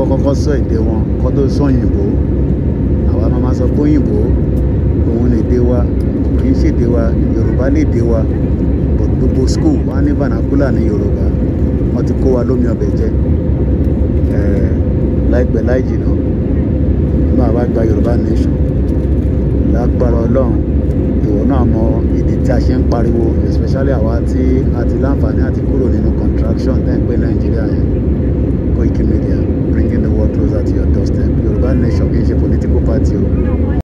kọ́kọ́ kọ́kọ́ sọ èdè wọn kó tó sọ òyìnbó àwa máa ma sọ pé òyìnbó òun lè dé wa kì í ṣèdè wa yorùbá lè dé wa gbogbo school wọn á ní vernacular ní yorùbá wọn ti kó wa lómi ọbẹ̀ jẹ láìpẹ́ láì jìnnà máa wá gba yorùbá nation lágbára ọlọ́run ìwọ náà mọ ìdí tí a ṣe ń pariwo especially àwa tí a ti láǹfààní àti kúrò nínú contraction tẹ́ ń pè nàìjíríà yẹn closer to your doorstep yorùbá nation kì í political party